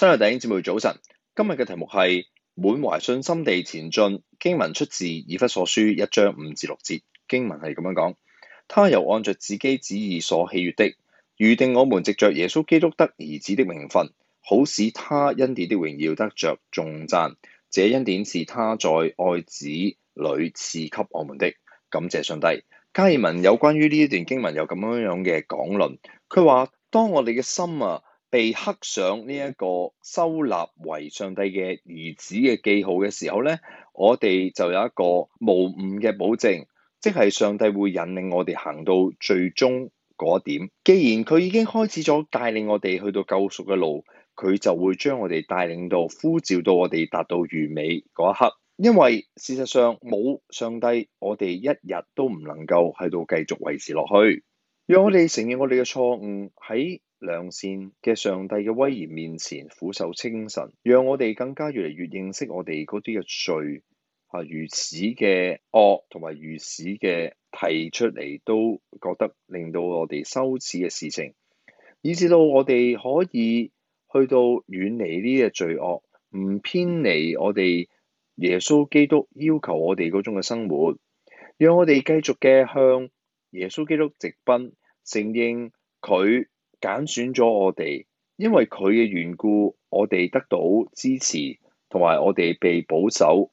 親愛的弟兄姊妹早晨，今日嘅題目係滿懷信心地前進。經文出自以弗所書一章五至六節，經文係咁樣講：，他又按着自己旨意所喜悦的，預定我們藉着耶穌基督得兒子的名分，好使他恩典的榮耀得着頌讚。這恩典是他在愛子裏賜給我們的。感謝上帝。加爾文有關於呢一段經文有咁樣樣嘅講論，佢話當我哋嘅心啊。被刻上呢一個收納為上帝嘅兒子嘅記號嘅時候呢，我哋就有一個無誤嘅保證，即係上帝會引領我哋行到最終嗰一點。既然佢已經開始咗帶領我哋去到救贖嘅路，佢就會將我哋帶領到呼召到我哋達到完美嗰一刻。因為事實上冇上帝，我哋一日都唔能夠喺度繼續維持落去。讓我哋承認我哋嘅錯誤喺。良善嘅上帝嘅威嚴面前苦受清神，讓我哋更加越嚟越認識我哋嗰啲嘅罪，吓、啊、如此嘅惡同埋如此嘅提出嚟，都覺得令到我哋羞恥嘅事情，以至到我哋可以去到遠離呢啲嘅罪惡，唔偏離我哋耶穌基督要求我哋嗰種嘅生活，讓我哋繼續嘅向耶穌基督直奔，承認佢。揀選咗我哋，因為佢嘅緣故，我哋得到支持，同埋我哋被保守。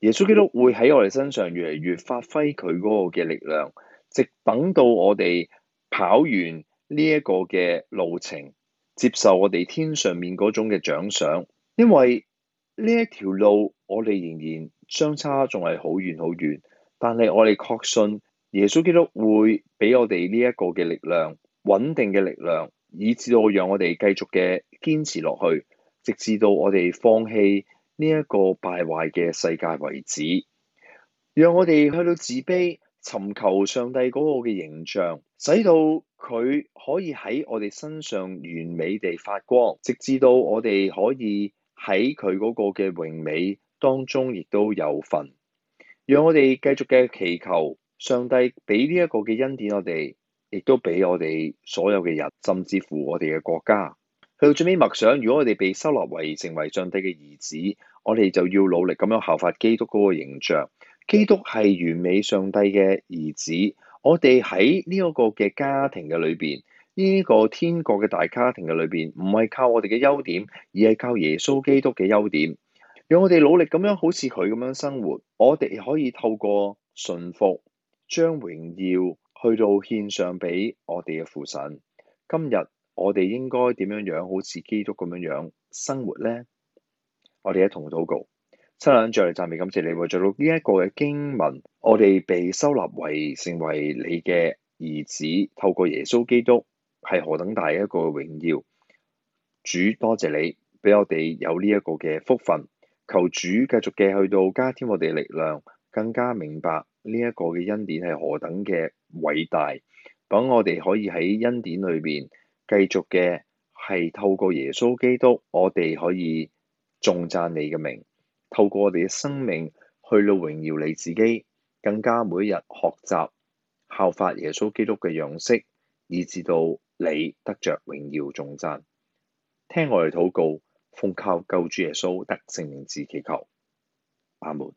耶穌基督會喺我哋身上越嚟越發揮佢嗰個嘅力量，直等到我哋跑完呢一個嘅路程，接受我哋天上面嗰種嘅獎賞。因為呢一條路，我哋仍然相差仲係好遠好遠，但係我哋確信耶穌基督會俾我哋呢一個嘅力量。穩定嘅力量，以至到讓我哋繼續嘅堅持落去，直至到我哋放棄呢一個敗壞嘅世界為止。讓我哋去到自卑，尋求上帝嗰個嘅形象，使到佢可以喺我哋身上完美地發光，直至到我哋可以喺佢嗰個嘅榮美當中亦都有份。讓我哋繼續嘅祈求，上帝俾呢一個嘅恩典我哋。亦都俾我哋所有嘅人，甚至乎我哋嘅國家，去到最尾默想，如果我哋被收納為成為上帝嘅兒子，我哋就要努力咁樣效法基督嗰個形象。基督係完美上帝嘅兒子，我哋喺呢一個嘅家庭嘅裏邊，呢、呢個天國嘅大家庭嘅裏邊，唔係靠我哋嘅優點，而係靠耶穌基督嘅優點。用我哋努力咁樣好似佢咁樣生活，我哋可以透過信服將榮耀。去到獻上俾我哋嘅父神，今日我哋應該點樣樣？好似基督咁樣樣生活咧。我哋一同禱告，親恩主嚟讚美，感謝你為著到呢一個嘅經文，我哋被收納為成為你嘅兒子，透過耶穌基督係何等大一個榮耀。主多謝你俾我哋有呢一個嘅福分，求主繼續嘅去到加添我哋力量，更加明白。呢一個嘅恩典係何等嘅偉大，等我哋可以喺恩典裏面繼續嘅係透過耶穌基督，我哋可以頌讚你嘅名，透過我哋嘅生命去到榮耀你自己，更加每日學習效法耶穌基督嘅樣式，以至到你得着榮耀頌讚。聽我哋禱告，奉靠救主耶穌得勝名字祈求，阿門。